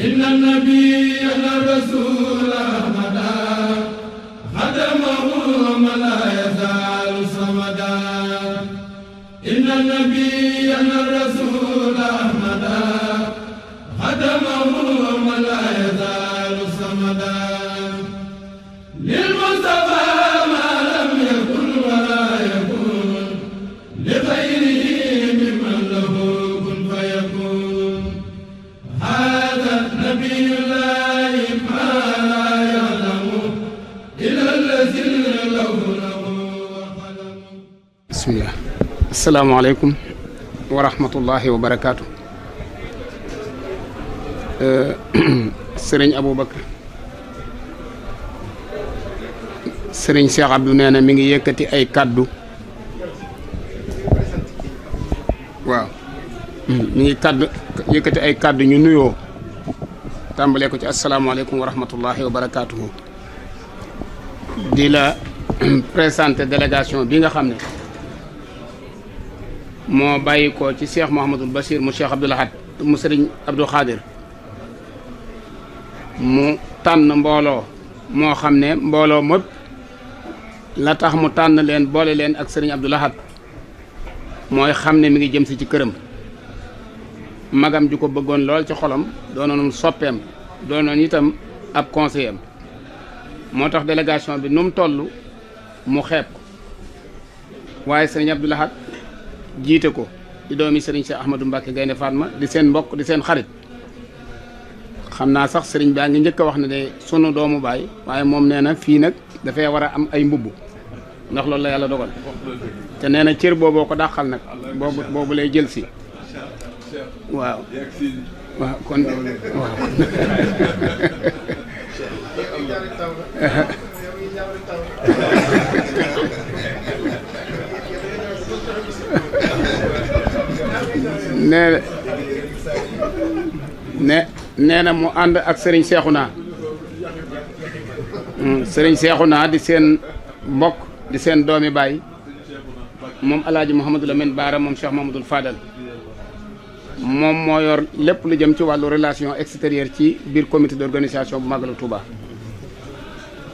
إن النبي الرسول أحمدا خدمه لا يزال صمدا إن النبي الرسول أحمدا Assalamualaikum, wa rahmatullahi wa Abu eh, sëriñ Aboubacar sëriñ Cheikh Abdou nee mi ngi yëkkati ay kàddu waaw mi ngi kàddu yëkkati ay kàddu ñu nuyo. tàmbalee ko ci asalaamaaleykum wa rahmatullahi wa di la présenter délégation bi nga xamné moo bàyyi ko ci cheikh Mouhamadul Bachir mu cheikh Abdoul Ahad mu sëriñ Abdou Khadir mu tànn mbooloo moo xam ne mbooloo mëpp la tax mu tànn leen boole leen ak sëriñ Abdoul Ahad mooy xam ne mi ngi jëm si ci këram magam ju ko bëggoon lool ci xolam doonoon soppeem doonoon itam ab conseiller am moo tax délégation bi nu mu toll mu xeeb ko waaye sëriñ Abdoul Ahad jiite ko di doomi sëriñ Cheikh Ahmadou Mbacke Gaynde ma di seen mbokk di seen xarit xam naa sax sëriñ baa ngi njëkk a wax ne de sunu doomu baay waaye moom nee na fii nag dafay war a am ay mbubb ndax loolu la yàlla dogal te nee na cër booboo ko dàqal nag boobu boobu lay jël si waaw waaw kon waaw nee ne nee na mu ànd ak sëriñ seexu Seexuna sëriñ naa di seen mbokk di seen doomi baay moom alaaji Mouhamadou Lamine Baara moom Cheikh Mamadou Fadal moom moo yor lépp lu jëm ci wàllu relation extérieure ci biir comité d'organisation bu Magalu Touba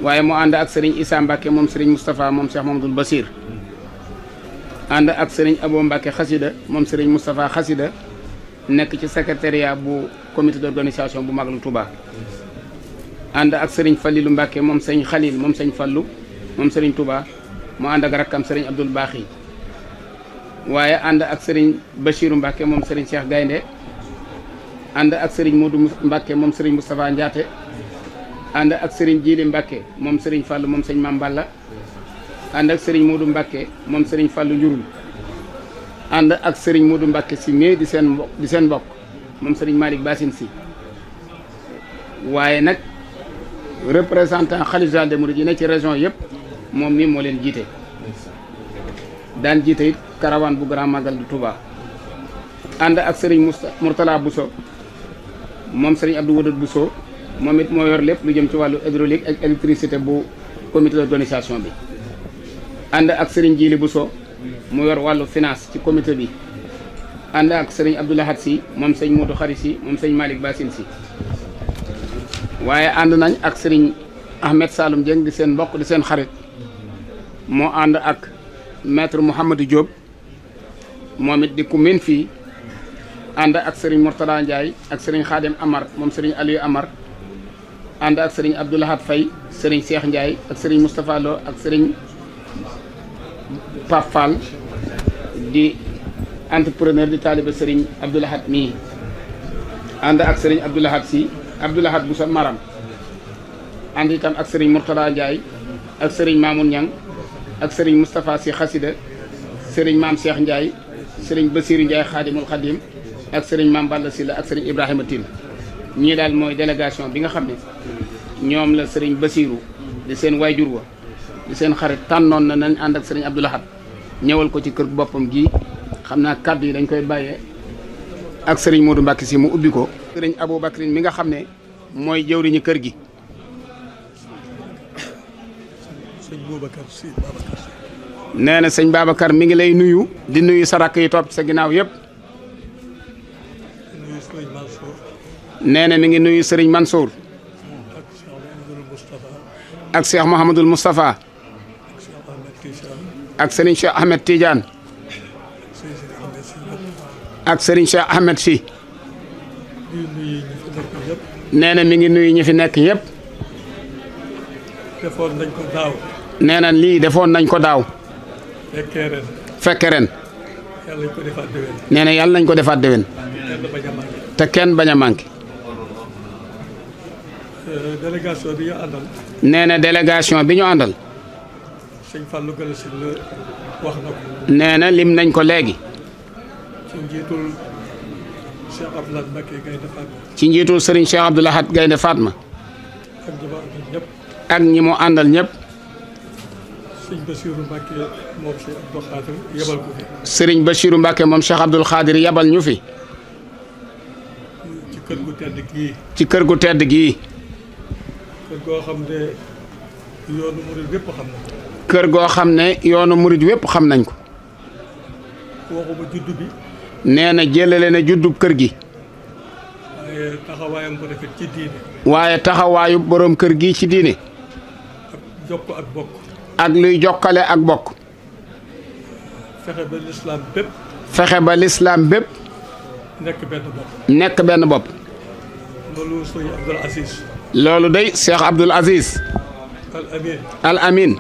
waaye mu ànd ak sëriñ Issa Mbacke moom sëriñ Moustapha moom Cheikh Mamadou Basir ànd ak sëriñ Abo Mbacke xasida moom sëriñ Moustapha xasida nekk ci secrétariat bu comité d'organisation bu Magalu Touba ànd ak sëriñ Falilou Mbacke moom sëriñ Khalil moom sëriñ Fallou moom sëriñ Touba mu ànd ak rakkam sëriñ Abdoul Baaxi waaye ànd ak sëriñ Bachirou Mbacke moom sëriñ Cheikh Gaynde ànd ak sëriñ Modou Mbacke moom sëriñ Moustapha Ndiaté ànd ak sëriñ Djili Mbacke moom sëriñ Fallou moom sëriñ Mamballa ànd ak sëriñ Modou Mbacke moom sëriñ Fallou Njurul ànd ak sëriñ Modou Mbacke si mais di seen mbokk seen mbokk moom sëriñ Malick Bassine si waaye nag représentant xalifa général des mourides yi ne ci région yëpp moom mii moo leen jiite daan jiite it bu grand magal du Touba ànd ak sëriñ Mousta Mourtala Bousso moom sëriñ Abdou Wadoud Bousso moom it moo yor lépp lu jëm ci wàllu hydraulique ak électricité bu comité d'organisation bi ànd ak serigne djili Bousso mu yor walu finance ci comité bi ànd ak serigne Abdoulahat hadsi mom serigne Modou kharisi mom serigne malik Bassine si waye ànd nañ ak serigne Ahmed salum djeng di sen mbokk di sen xarit mo ànd ak maître mohamed Diop momit di ku min fi ànd ak serigne Mourtada ndjay ak serigne Khadim Amar mom serigne Aliou Amar ànd ak serigne Abdoulahat Faye serigne Cheikh ndjay ak serigne mustapha Lo ak serigne Pafal di entrepreneur di talib Serigne Abdullah Lahad anda ànd ak Serigne Abdullah si Abdullah Lahad bu sa maram ànd itam ak Serigne Murtala Ndiaye ak Serigne Mamoun Niang ak Serigne Mustapha si Xasida Serigne Mam Cheikh Ndiaye Serigne Bassirou Ndiaye Khadimul Khadim ak Serigne Mam Balla Sylla ak Serigne Ibrahima Tine ñi dal moy délégation bi nga xamné ñom la Serigne Bassirou di seen wayjur wa di seen xarit na nañ and ak Serigne Abdullah ñëwal ko ci kër boppam gi xam naa kàddu yi dañ koy bàyyee ak sëriñ Modou Mbacke si mu ubbi ko. sëriñ Aboubacry mi nga xam ne mooy jëwriñu kër gi. nee na sëñ Babacar mi ngi lay nuyu. di nuyu sa rakk yi topp sa ginnaaw yëpp. nee na mi ngi nuyu sëriñ Mansour. ak Cheikh Mouhamadul Moustapha. ak Serigne Cheikh Ahmed Tidiane ak Serigne Cheikh Ahmed si nee na mi ngi nuyu ñi fi nekk ñëpp. defoon nañ na lii defoon nañ ko daaw. fekkee ren. fekkee yàlla nañ ko defaat déwén. nee na yàlla nañ ko defaat déwén. te kenn bañ a manqué. Euh, délégation bi bi ñu àndal. sëñ Fallou nee na lim nañ ko léegi. ci njiitul Cheikh Abdoulaye Mbacké Gaynde Fatma. ci ak ñi mu àndal ñëpp. ak ñi mu àndal ñëpp. moom Cheikh Abdoul Khadir yabal ñu fi. ci kër gu tedd gii. ci kër gu tedd gii. kër goo xam ne yoonu murit wépp xam nañ ko. waxuma juddu bi. nee na jëlale na juddub kër gi. waaye taxawaayam bu rafet ci diine. waaye taxawaayu borom kër gi ci diine. ak jokk ak bokk. ak luy jokkale ak bokk. fexe ba lislaam bépp. fexe ba lislaam bépp. nekk benn bopp. nekk benn bopp. loolu sëñ Abdul Aziz. Abdul Aziz. al Amin. al Amin.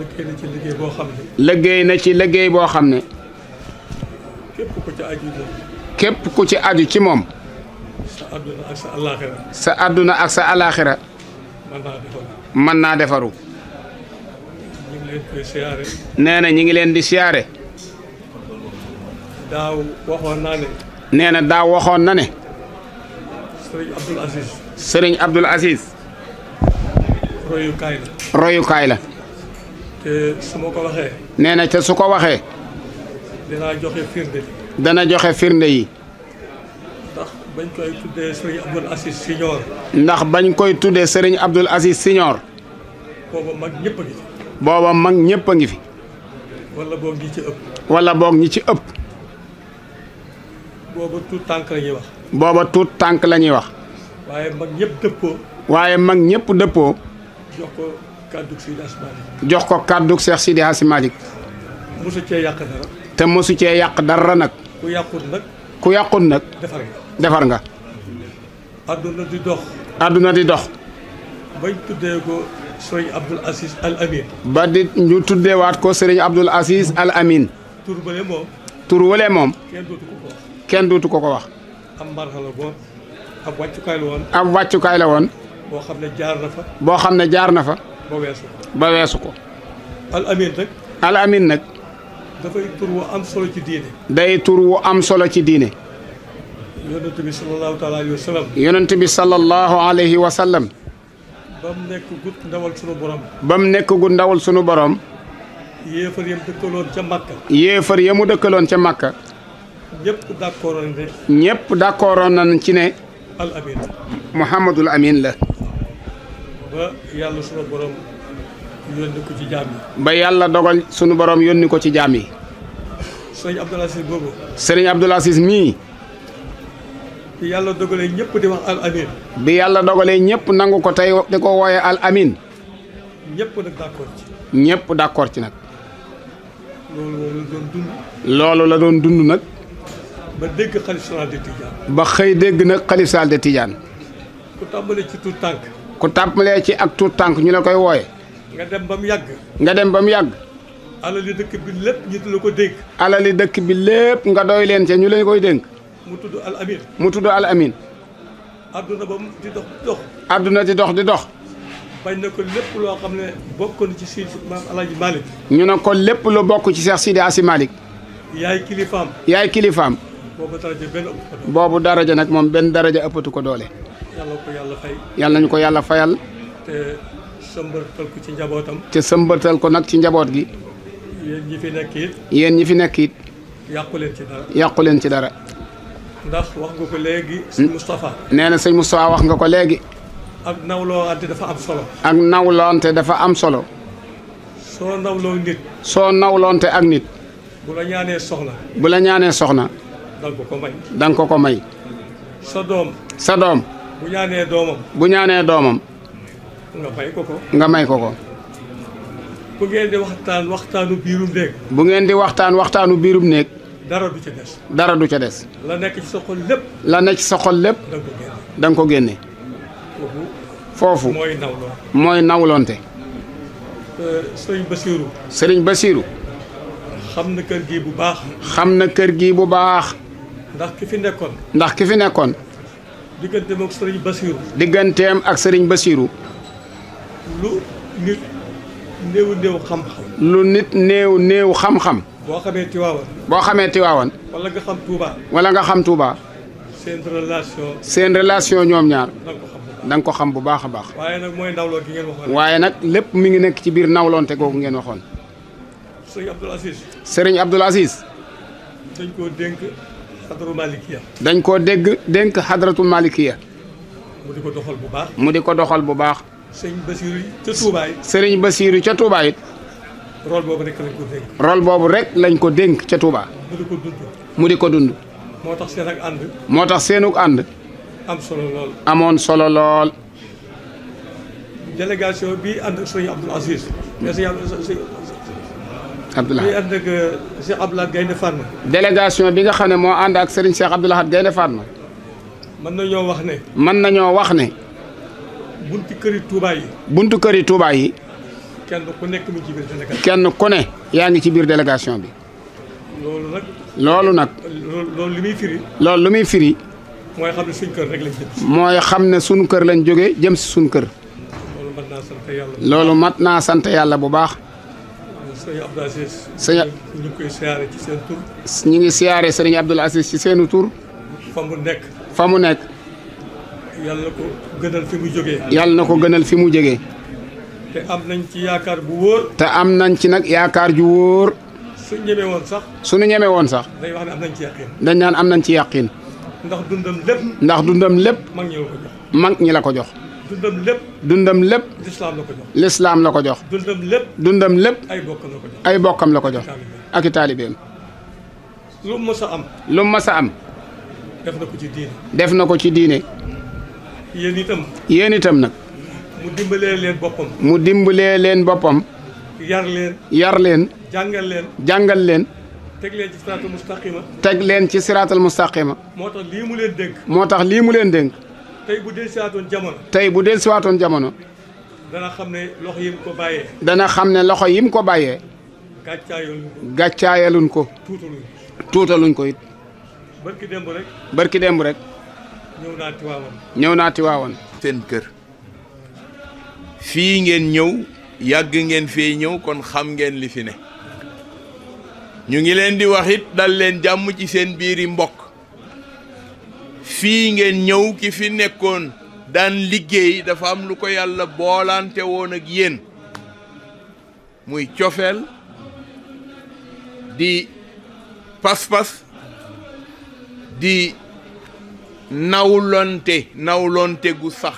liggéey na ci liggéey boo xam ne. liggéey na ci liggéey boo xam ne. képp ku ci aju moom. képp ku ci aju ci moom. sa àdduna ak sa alaaxira. sa àdduna ak sa alaaxira. mën naa defaru. mën naa defaru. ñu ngi leen di siyaare. nee na ñu ngi leen di siyaare. daaw waxoon naa ne. nee na daaw waxoon na ne. Sëriñ Abdul Aziz. Sëriñ Abdul Aziz. royukaay la. royukaay la. te su ma ko waxee. nee na ca su ko waxee. dinaa joxe firnde yi. dana joxe firnde yi. ndax bañ koy tuddee Serigne Abdoul Aziz Signor. ndax bañ koy tuddee Serigne Abdoul Aziz Signor. booba mag ñëpp a ngi fi. booba mag ñëpp a ngi fi. wala boog ñi ci ëpp. wala boog ñi ci ëpp. booba tuut tànk la ñuy wax. booba tuut tànk la ñuy wax. waaye mag ñëpp dëppoo. waaye mag ñëpp dëppoo. kàddug jox ko kàddug Cheikh Seydi Hadji Malick. mosu yàq dara. te mosu cee yàq dara nag. ku yàqut nag. ku yàqut nag. defar nga defar nga. di dox. àdduna di dox. bañ tuddee ba di ñu tuddeewaat ko sëriñ Abdoul Aziz Al Amin. tur wële moom. tur wële moom. kenn dootu ko ko wax. am marxala boobu ab wàccukaay la woon. ab wàccukaay la woon. xam ne jaar na fa. boo xam ne jaar na fa. ba wessu ko. al amin nak al amin nag. dafay tur wu am solo ci diine. day tour wo am solo ci diine. yonent bi sallallahu alayhi wa sallam. yonent bi sallallahu alayhi gu ndawal sunu borom. gu ndawal sunu borom. yam Makka. yamu Makka. ñëpp ñëpp nañ ci ne. al amin. Muhammadul Amin la. ba yalla sunu borom yónni ko ci jaam ba yàlla dogal sunu borom yonni ko ci jami serigne sëriñ Abdoul bobo serigne sëriñ Abdoul mi bi yalla dogale ñepp di wax al amin. bi yalla dogale ñepp nangu ko tay di ko wooyee al amin. ñepp nak d'accord ci. ñepp d'accord ci nak lolu la doon dund. nak ba dégg xalif général de Tidiane. ba xey dégg nak xalif général de Tidiane. ku tambale ci tout tànk. ku tàmbalee ci ak tuut tànk ñu la koy wooye nga dem ba mu yàgg nga dem ba mu yàgg alali dëkk bi lépp ñu la ko dénk alali dëkk bi lépp nga doy leen ca ñu leen koy dénk mu tudd al amin mu tudd al amin adduna ba mu di dox di dox adduna di dox di dox bañ na ko lépp loo xam ne bokk ci Seydi ñu ne ko lépp lu bokk ci Seex Sidi Asi yaay kilifaam yaay kilifaam boobu daraja benn boobu daraja nag moom benn daraja ëppatu ko doole yàlla yàlla fay. yàlla nañu ko yàlla fayal. te sëmbatal ko ci njabootam. te sëmbatal ko nag ci njaboot gi. yéen ñi fi nekk it. yéen ñi fi nekk it. yàqu leen ci dara. yàqu leen ci dara. ndax wax nga ko léegi. Hmm? sëñ Moustapha. nee na sëñ Moustapha wax nga ko léegi. ak nawloonte dafa am solo. ak nawloonte dafa am solo. soo nawloo nit. soo nawloonte ak nit. bu la ñaanee soxna. bu la ñaanee soxna. danga ko ko may. danga ko ko may. sa doom. sa doom. bu ñaanee doomam. bu ñaanee doomam. nga may ko ko. nga may ko ko. bu ngeen di waxtaan waxtaanu biirum néeg. bu ngeen di waxtaan waxtaanu biirum néeg. dara du ca des. dara du ca des. la nekk ci sa xol lépp. la nekk ci sa xol lépp. da ko génne. foofu mooy nawloo. mooy nawlonte. Euh, sëriñ Basiiru. sëriñ Basiiru. xam na kër gi bu baax. xam na kër gi bu baax. ndax ki fi nekkoon. ndax ki fi nekkoon. digganteem ak sëriñ Bassirou. digganteem ak sëriñ Bassirou. lu nit néew néew xam-xam. lu nit néew néew xam-xam. boo xamee Tiwaawan. boo xamee Tiwaawan. wala nga xam Touba. wala nga xam Touba. seen relation. seen relation ñoom ñaar. da nga ko xam bu baax a baax. waaye nag mooy nawloo gi ngeen waxoon. waaye nag lépp mi ngi nekk ci biir nawloonte googu ngeen waxoon. sëriñ Abdoul Aziz. sëriñ Abdoul Aziz. dañ koo dénk xadratul malikiya. dañ ko deg denk hadratu malikiya. mu di ko doxal bu baax. mu di ko doxal bu baax. sëriñ Basiiru ca Touba yi serigne Basiiru ci Touba yi rol boobu rek lañ ko rek lañ ko Touba. mu di ko dund. mu di ko solo lol délégation bi and ak Aziz. Abdoulaye muy ànd ak euh, Cheikh délégation bi nga xam ne moo ànd ak Serigne Cheikh Abdoulaye Gaynde Fatma. mën nañoo wax ne. mën nañoo wax ne. buntu kër yi. buntu yi. kenn ku nekk mu ne yaa ngi ci biir délégation bi. loolu nag. loolu li muy firi. loolu lu muy firi. mooy xam ne xam ne suñu kër lañ jóge jëm si suñu kër. loolu mat naa sant yàlla bu baax. sëñ Abdoul Aziz. sëñ ci Aziz ci seenu tur. fa mu nekk. fa mu nekk. yàlla na ko gënal fi mu jógee. yàlla na ko gënal fi mu jógee. te am nañ ci bu am nañ ci ju suñu sax. suñu sax. wax am nañ ci dañ naan am nañ ci ndax dundam lépp. ndax dundam lépp. mag ñi la ko jox. mag ñi la ko jox. dundam lépp. dundam lépp. lislaam la jox lislaam la jox. dundam lépp. dundam lépp. ay bokkam la ko jox ay bokkam la ko jox. ak i taalibeem. lu mu mës a am. lu mu mës a am. def na ko ci diine. def na ko ci diine. yéen itam. yéen itam nag. mu dimbalee leen boppam. mu dimbalee leen boppam. yar leen. yar leen. jàngal leen. jàngal leen. teg leen ci siraatal mustaqima. teg leen ci siraatal mustaqima. moo tax mu leen dénk. moo tax mu leen dénk. tay bu dellusiwaatoon jamono. tey bu dellusiwaatoon jamono. dana xamne loxo yim ko baye dana xam loxo yim ko bàyyee. gàccaayaluñ ko gàccaayaluñ ko. it. barki dembu rek. barki dembu rek. ñewna tiwawon ñewna tiwawon sen keur fi ngeen ñew yag ngeen fi ñew kon xam ngeen li fi ne. ñu ngi leen di waxit dal leen jamm ci seen biiri mbokk. fii ngeen ñëw ki fi nekkoon daan liggéey dafa am lu ko yàlla boolante woon ak yéen muy cofeel di pas-pas di nawlonte nawlonte gu sax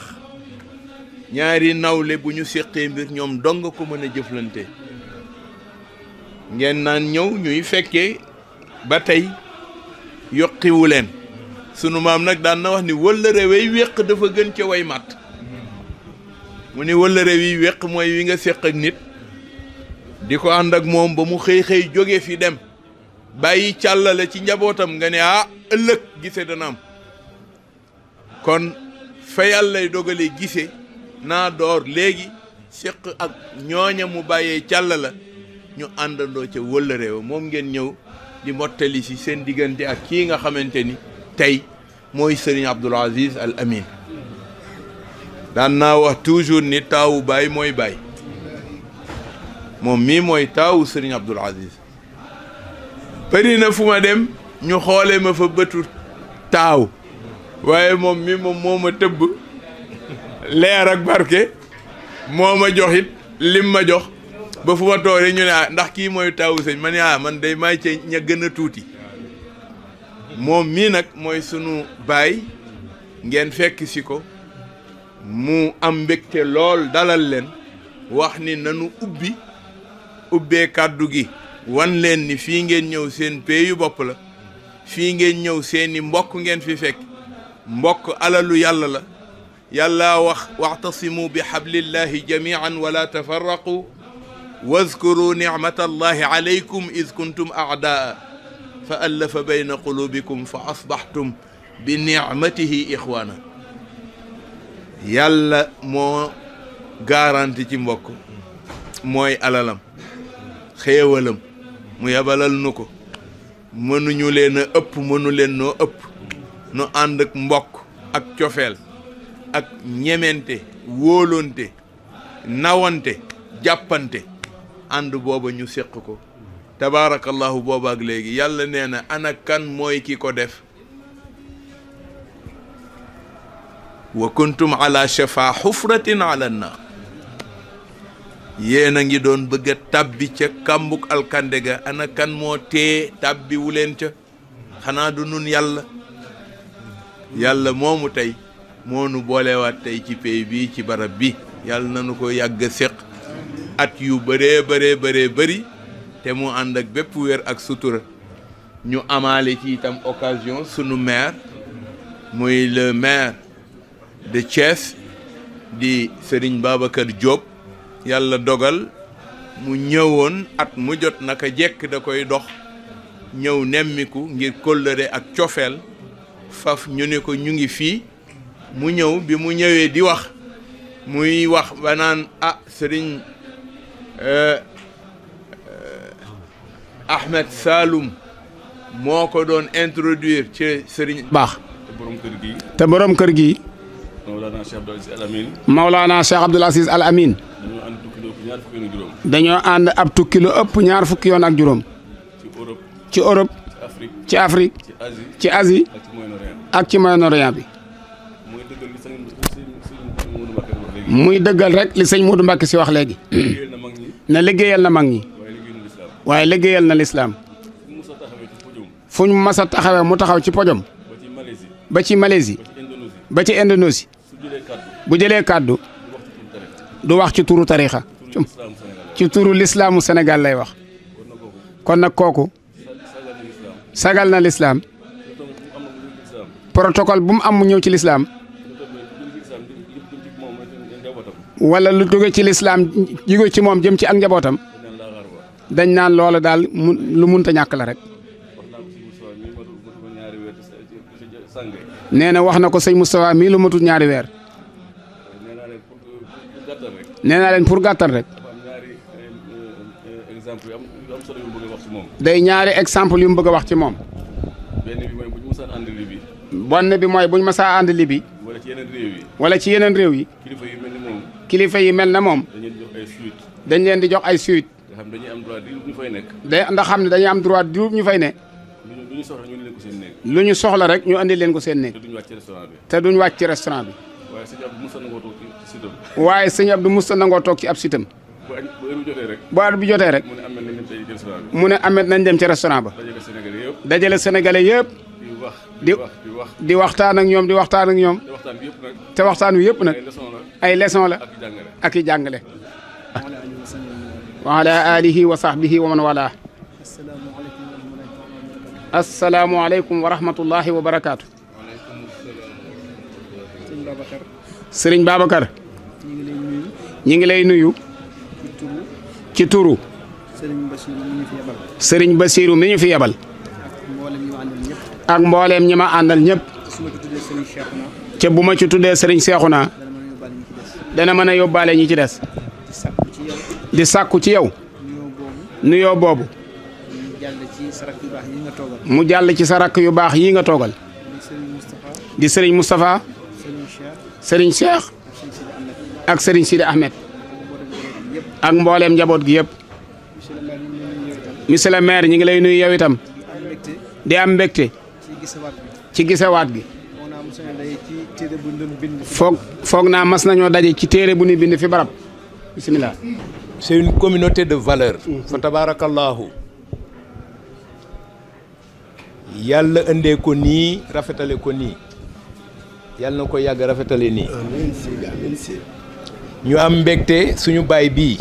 ñaari nawle bu ñu séqee mbir ñoom dong ko mën a jëflante ngeen naan ñëw ñuy fekkee ba tey yokkiwu leen sunu maam nag daan na wax ni wëllëre way wéq dafa gën ca way màtt mu ni wëllëre wiy wéq mooy wi nga séq ak nit di ko ànd ak moom ba mu xëy xëy jóge fi dem bàyyi càllale ci njabootam nga ne ah ëllëg gise dana am kon fa yàllay dogale gise naa door léegi séq ak ñooña mu bàyyee càllala ñu àndandoo ca wëllëre wa moom ngeen ñëw di mottali ci seen diggante ak kii nga xamante ni tey mooy Serigne Abdoul Aziz Al Amin daan naa wax toujours ni taawu baay mooy baay moom mii mooy taawu Serigne Abdoul Aziz bëri na fu ma dem ñu xoolee ma fa bëtu taaw waaye moom mii moom moo ma tëbb leer ak barke moo ma jox it lim ma jox ba fu ma tooree ñu ne ah ndax kii mooy taawu sëñ ma ne ah man day maay ca ña gën a tuuti. moom mii nag mooy sunu baay ngeen fekk si ko mu am mbégte lool dalal leen wax ni nanu ubbi ubbee kàddu gi wan len ni fii ngeen ñëw seen pee yu bopp la fii ngeen ñëw seeni mbokk ngeen fi fekk mbokk alalu yàlla la yàlla wax waxtasimu bi xablillahi jamian wala tafarraqu واذكروا نعمة الله عليكم إذ كنتم أعداء فألف بين قلوبكم فأصبحتم بنعمته إخوانا yàlla moo garanti ci mbokk mooy alalam xéewalam mu yabalal nu ko mënuñu leen a ëpp mënu leen noo ëpp nu ànd ak mbokk ak cofeel ak ñemente wóolonte nawante jàppante ànd booba ñu séq ko tabaarakallahu boobaak léegi yàlla nee na ana kan mooy ki ko def wa kuntum ala shafa xufratin ala naar yéen a ngi doon bëgga a tàbbi ca kàmbuk alkande ga ana kan moo tee tàbbi wu ca xanaa du nun yàlla yàlla moomu tey moo nu boolewaat tey ci pey bii ci barab bi yàlla na nu ko yàgg séq at yu bëree bëree bëree te mu ànd ak bépp wér ak sutura ñu amaale ci itam occasion sunu maire muy le maire de Thiès di Serigne Babacar Diop yàlla dogal mu ñëwoon at mu jot naka jekk da koy dox ñëw nemmiku ngir kóllëre ak cofeel faf ñu ne ko ñu ngi fii mu ñëw bi mu ñëwee di wax muy wax ba naan ah Serigne euh, Ahmed Saloum moo ko doon introduire ci Serigne Baax. te borom kër gi. te borom kër gi. Maulana Cheikh Abdoul Aziz Al Amin. Al Amin. dañoo ànd ab tukki ëpp ñaar fukki yoon ak juróom. ci Europe. ci Europe. ci Afrique. ci Asie. ci Asie. ak ci moyen bi. muy dëggal rek li sëñ Modou Mbacke si wax léegi. na liggéeyal na mag ñi. waaye liggéeyal na lislaam fu ñu mas a mu taxaw ci pojom ba ci Malaisie ba ci Indonésie bu jëlee kàddu du wax ci turu tariixa ci turu lislaamu Sénégal lay wax kon nag kooku sagal na lislaam protocole bu mu am mu ñëw ci lislaam walla lu jóge ci lislaam jóge ci moom jëm ci ak njabootam dañ naan loola daal mu lu munta ñàkk la rek. nee na wax na ko sëñ Moustapha mii lu matul ñaari weer. nee naa leen pour gàttal rek. day ñaari exemple yu mu bëgg a wax ci moom. benn bi mooy bu masaa mës a ànd libi. benn wala ci yeneen réew yi. kilifa yi mel na moom. kilifa dañ leen di jox ay suite. dañ leen di jox ay suite. xam dañuy am droit diirub ñu day ndax xam ne dañuy am droit diirub ñu fay ne. lu ñu soxla ñu andi leen rek ñu andi leen ko seen néeg. te duñ wàcc ci restaurant bi. te duñ wàcc ci restaurant bi. waaye sëñ Abdou Moussa nangoo toog ci sitam. waaye sëñ nangoo toog ci ab sitam. bu añ bi jotee rek. bu heure bi mu ne Ahmed nañ dem ci restaurant ba. dajale sénégalais yëpp. di di waxtaan ak ñoom di waxtaan ak ñoom. te waxtaan wi yëpp nag. ay leçon la. ak i jàngale. وعلى آله وصحبه ومن والاه السلام عليكم ورحمة الله وبركاته سرين بابكر نيغلي نيو كيتورو سرين بسيرو مين في يبل ak mbollem ñima andal ñep ci buma ci tuddé serigne cheikhuna dana mëna yobalé ñi ci dess di sàkku ci yow. nuyoo boobu. mu jàll ci sa rakk yu baax yii nga toogal. di Serigne Moustapha. sëriñ Cheikh. ak sëriñ Sidi Ahmed. ak mbooleem njaboot gi yëpp. monsieur le maire ñi ngi lay nuyu yow itam. di am mbégte. ci gisewaat gi. foog foog naa mas nañoo daje ci téere bu ñu bind fi barab bisimilah. c'est une communauté de valeur mm-hmm. fa tabaarakallaahu yàlla indee ko ni. rafetale ko nii yàlla na ko yàgg rafetale nii ñu am mbégte suñu baay bi.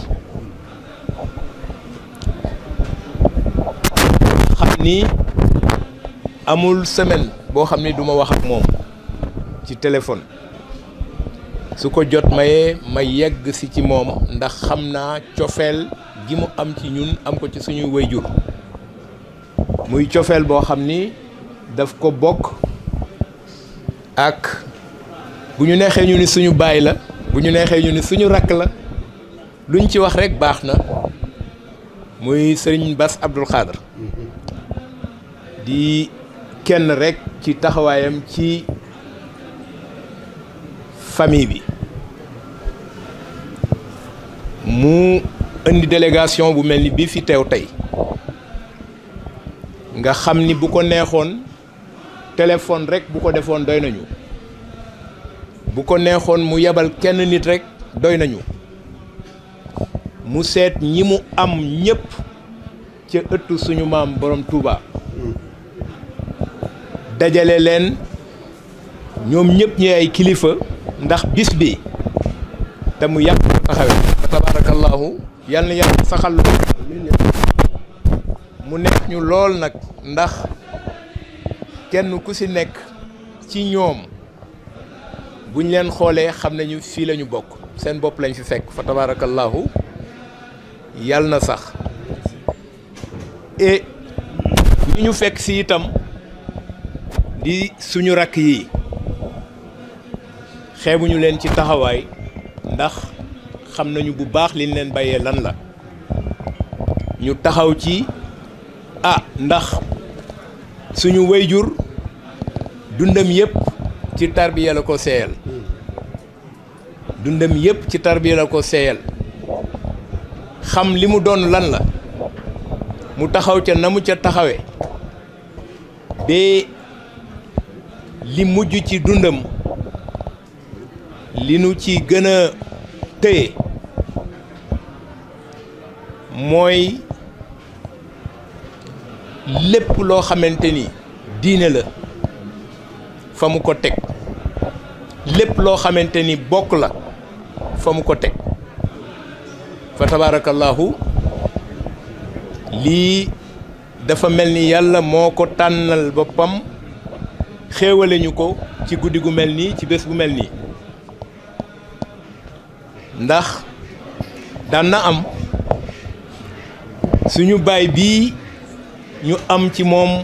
Xamni amul semaine bo xamni duma wax ak mom ci téléphone su ko jot mayee ma yegg si ci moom ndax xam naa cofeel gi mu am ci ñun am ko ci suñuy wayjur muy cofeel boo xam ni daf ko bokk ak bu ñu neexee ñu ni suñu baay la bu ñu neexee ñu ni suñu rakk la luñ ci wax rekk baax na muy sëriñ Bass Abdou Khadre di kenn rekk ci taxawaayam ci famille bi mu indi délégation bu melni bi fi tew tay nga xamni bu ko neexoon téléphone rek bu ko defoon doynañu bu ko neexoon mu yabal kenn nit rek doynañu mu set ñi mu am ñépp ci ëttu suñu maam borom Touba dajale len ñom ñépp ñay ay kilifa ndax bis bi te mu yapp taxawee tabaarakallaahu yal na yàlla saxal lu mu nekk ñu lool nag ndax kenn ku si nekk ci ñoom buñ leen xoolee xam nañu fii lañu bokk seen bopp lañ fi fekk fa tabaarakallaahu yal na sax et ñi ñu fekk si itam di suñu rakk yi xeebuñu leen ci taxawaay ndax xam nañu bu baax li leen bàyyee lan la ñu taxaw ci ah ndax suñu wayjur dundam yëpp ci tarbiya la ko seeyal dundam yëpp ci tarbiya la ko seeyal xam li mu doon lan la mu taxaw ca na mu ca taxawe bee li mujj ci dundam li nu ci gën téye mooy lépp loo xamante ni diine la fa mu ko teg lépp loo xamante ni bokk la fa mu ko teg fa tabaarakallaahu lii dafa mel ni yàlla moo ko tànnal boppam xéewale ko ci guddi gu mel nii ci bés bu mel nii ndax daan na am suñu baay bii ñu am ci moom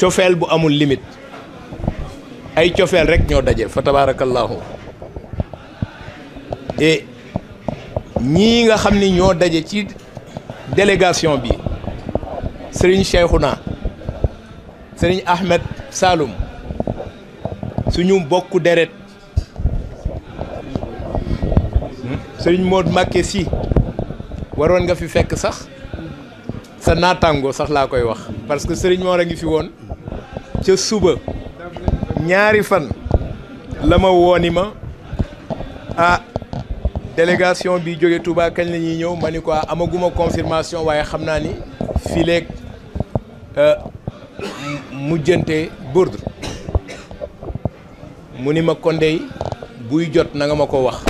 cofeel bu amul limite ay cofeel rek ñoo daje fa tabaarakallaahu et ñii nga xam ni ñoo daje ci délégation bi sëriñ Cheikhouna sëriñ Ahmed Saloum suñu bokk deret Serigne Mood Mbàkke si nga fi fekk sax sa natango sax la koy wax parce que ce qui est ngi fi won ci suba ñaari fan la ma ah, délégation bi Touba ah, amaguma confirmation waye xamna ni euh mujjante Bourdre qui na nga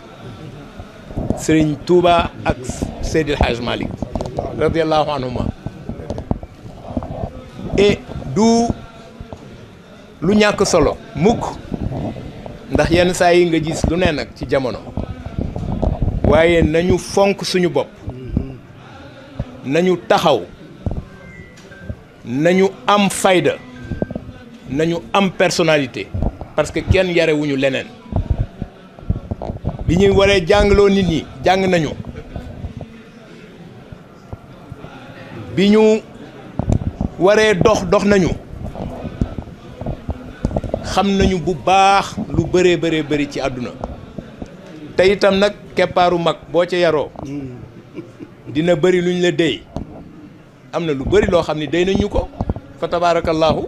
Serigne Touba ak Seydil Hadj Malick radiallahu anhuma et du lu ñàkk solo mukk ndax yenn saa yi nga gis lu ne ak ci jamono waaye nañu fonk suñu bopp nañu taxaw nañu am fayda nañu am personnalité parce que kenn yarewuñu leneen bi ñuy waree jàngloo nit ñi jàng nañu bi ñu waree dox dox nañu xam nañu bu baax lu bëree bëree bari ci àdduna te itam nag keppaaru mag boo ca yaroo dina bëri luñ la déy am na lu bari loo xam ne déy nañu ko fa tabaarakallaahu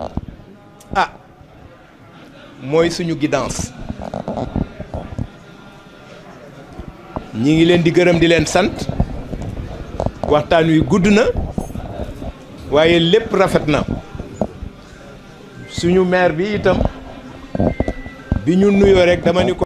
ah mooy suñu guidance ñi ngi leen di gërëm di leen sant waxtaan wi gudd na waaye lépp rafet na suñu meer bi itam bi ñu nuyoo rek dama ni ko